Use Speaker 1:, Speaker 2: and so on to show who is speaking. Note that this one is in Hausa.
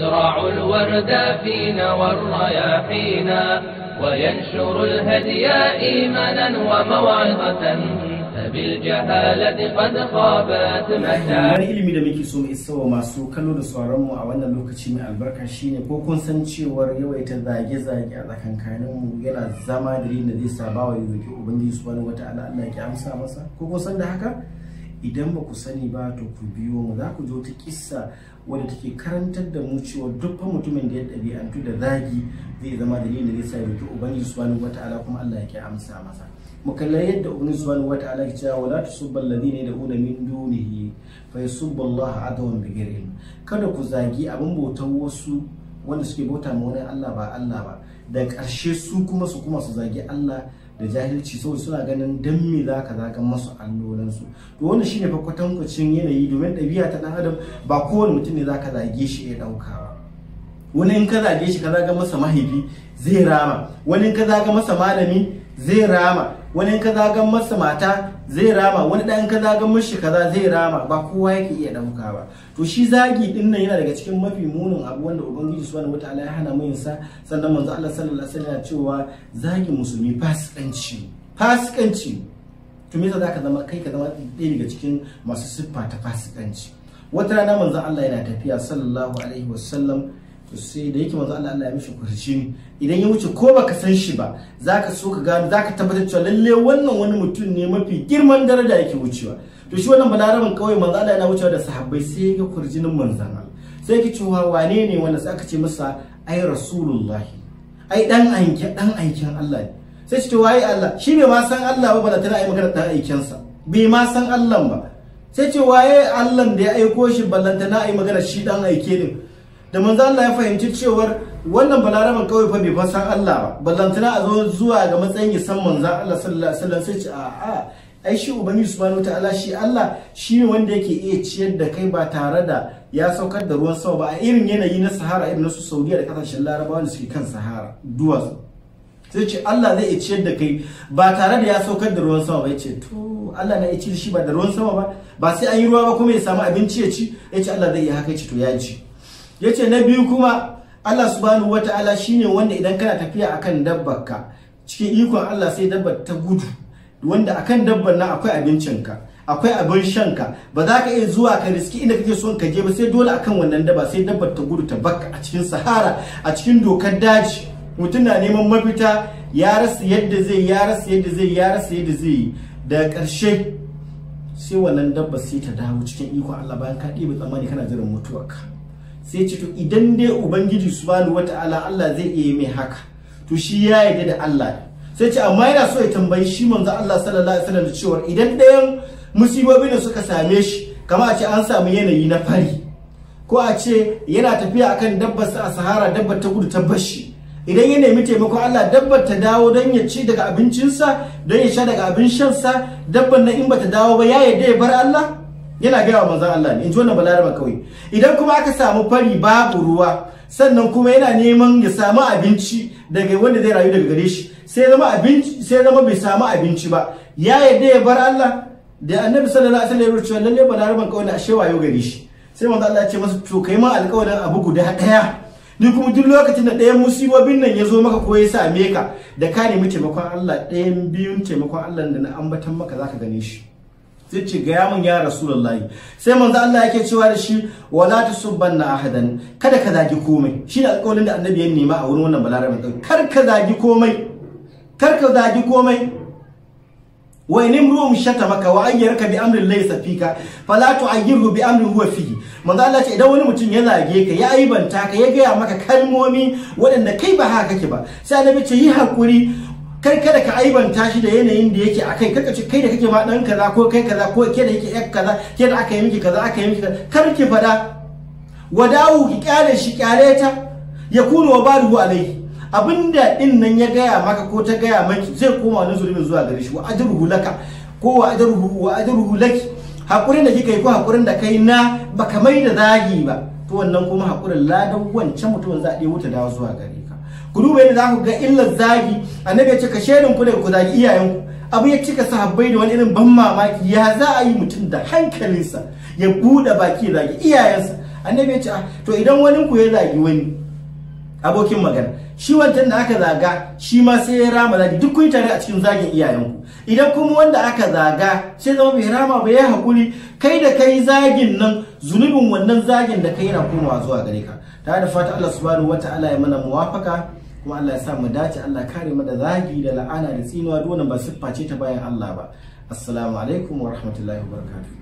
Speaker 1: يزرع الورد فينا والرياحينا وينشر الهدي إيمانا وموعظة ilimi da muke so mu isa wa masu kallo da sauraron mu a wannan lokaci mai albarka shine ko kun san cewar yawaita zage-zage a tsakankanin mu yana zama da da zai saba wa yuzuki ubangiji subhanahu wata Allah ya amsa masa ko kun san da haka idan ba ku sani ba to ku biyo mu za ku ji wata kissa wadda take karantar da mu cewa dukkan mutumin da ya ɗabi'antu da zagi zai zama dalilin da zai sa ya ubangiji subhanahu wata'ala kuma Allah ya ke amsa masa mu kalla yadda ubangiji subhanahu wata'ala ce cewa la tusubba alladhina yad'una min dunihi fa yusubba Allah adwan ilm kada ku zagi abin bautan wasu wanda suke bauta ma wani Allah ba Allah ba da ƙarshe su kuma su kuma su zagi Allah da jahilci so suna ganin dan me za ka zaga masu allolansu to wannan shine fa kwatankwacin yanayi domin ɗabi'a ta ɗan adam ba kowane mutum ne za ka zage shi ya ɗauka ba wani in ka zage shi ka zaga masa mahaifi zai rama wani in ka zaga masa malami zai rama wani in ka zaga masa mata zai rama wani dan ka zaga mashi kaza zai rama ba kowa yake iya ɗauka ba to shi zagi din nan yana daga cikin mafi munin abu wanda ubangiji subhanahu wataala ya hana mu yin sa sannan manzo Allah sallallahu alaihi wasallam ya cewa zagi musulmi fasikanci fasikanci to me zaka zama kai ka zama ɗaya daga cikin masu siffa ta fasikanci wata rana manzo Allah yana tafiya sallallahu alaihi wasallam to sai da yake manzo Allah Allah ya mishi ne idan ya wuce ko baka san shi ba zaka so ka gano zaka tabbatar cewa lalle wannan wani mutum ne mafi girman daraja yake wucewa to shi wannan balaraban kawai manzo Allah yana wucewa da sahabbai sai ga kurjinin manzo Allah sai ki cewa wane ne wanda sai aka ce masa ai rasulullah ai dan aikin dan aikin Allah ne sai ce waye Allah shi bai ma san Allah ba ba tana ai magana dan aikin sa bai ma san Allah ba sai ce waye Allah da ya aiko shi tana ai magana shi dan aike ne da manzo Allah ya fahimci cewar wannan balaraman kawai fa bai fasan Allah ba ballantana a zo zuwa ga matsayin ya san manzo Allah sallallahu alaihi wasallam sai ce a'a ai shi ubangiji subhanahu ta'ala shi Allah shi ne wanda yake iya ciyar da kai ba tare da ya saukar da ruwan sama ba a irin yanayi na Sahara irin su Saudiya da kasashen Larabawa da suke kan Sahara duwatsu sai ce Allah zai iya ciyar da kai ba tare da ya saukar da ruwan sama ba ya ce to Allah na iya ciyar shi ba da ruwan sama ba ba sai an yi ruwa ba kuma ya samu abinci ya ci ya ce Allah zai iya haka ya ce to ya ji ya ce na biyu kuma Allah subhanahu wata'ala shine wanda idan kana tafiya akan dabbarka cikin ikon Allah sai dabbar ta gudu wanda akan dabbar nan akwai abincinka akwai abin shanka ba za ka iya zuwa ka riski inda kake son ka je ba sai dole akan wannan daba sai dabbar ta gudu ta baka, a cikin sahara a cikin dokar daji mutum na neman mafita ya rasa yadda zai ya rasa yadda zai ya rasa yadda zai da ƙarshe sai wannan dabba sai ta dawo cikin ikon Allah bayan ka ɗiba tsammani kana jiran mutuwarka sai ce to idan dai ubangiji subhanahu wata'ala Allah zai iya mai haka to shi ya yarda da Allah sai ce amma yana so ya tambayi shi manzo Allah sallallahu alaihi wasallam cewa idan dayan musibobi ne suka same shi kamar a ce an samu yanayi na fari ko a ce yana tafiya akan dabbar sa a sahara dabbar ta gudu ta bashi idan ya nemi taimako Allah dabbar ta dawo don ya ci daga abincinsa don ya sha daga abin shansa dabbar na in bata dawo ba ya yarda ya bar Allah yana gaya wa manzon Allah ne in ji wannan balaraba kawai idan kuma aka samu fari babu ruwa sannan kuma yana neman ya samu abinci daga wanda zai rayu daga gare shi sai zama abinci sai zama bai samu abinci ba ya yadda ya bar Allah da annabi sallallahu alaihi wasallam ya rubuta lalle balaraban kawai na ashe wayo gare shi sai manzon Allah ya ce masa to kai ma alƙawarin abu guda ɗaya ni kuma duk lokacin da ɗayan musibobin nan ya zo maka ko ya same ka da ka nemi taimakon Allah ɗayan biyun taimakon Allah da na ambatan maka zaka gane shi sai ce ga yamin ya rasulullahi sai manzo Allah yake cewa da shi wala tusubbanna ahadan kada ka zagi komai ne alƙawarin da annabi ya nema a wurin wannan balarabe din kar ka zagi komai kar ka zagi komai wa in imru'un shatamaka wa ayyarka bi amrin laysa fika fala tu'ayyirhu bi amrin huwa fi manzo Allah ce idan wani mutum ya zage ka ya aibanta ka ya gaya maka kalmomi waɗanda kai ba haka kake ba sai annabi ce yi hakuri kai kada ka aibanta shi da yanayin da yake akai kai kace kai da kake ma dan kaza ko kai kaza ko ke da yake yak kaza ke da aka yi miki kaza aka yi miki kar ki fada wadawu ki kyale shi kyale ta ya kunu wa baruhu alai abinda din nan ya gaya maka ko ta gaya maki zai koma wani zulmin zuwa gare shi wa ajruhu laka ko wa ajruhu wa ajruhu laki hakurin da kika yi ko hakurin da kai na baka mai da zagi ba to wannan kuma hakurin ladan wancan mutumin za a ɗebo ta dawo zuwa gare ku duba yadda za ku ga illar zagi annabi ya ce ka shaidan ku da ku zagi iyayenku abu ya cika sahabbai da wani irin ban mamaki ya za a yi mutum da hankalinsa ya buɗe baki zagi iyayensa annabi ya ce ah, to idan wani ku ya zagi wani abokin magana shi wancan da aka zaga shi ma sai ya rama zagi duk kun tare a cikin zagin iyayenku idan kuma wanda aka zaga sai zama bai rama ba ya hakuri kai da kai zagin nan zunubin wannan zagin da kai yana komawa zuwa gare ka Ta da fata Allah subhanahu wataala ya mana muwafaka kuma Allah ya sa mu dace Allah kare mu da zagi da la'ana da tsinuwa duk wannan ba siffa ce ta bayan Allah ba assalamu alaikum wa rahmatullahi wa barakatuh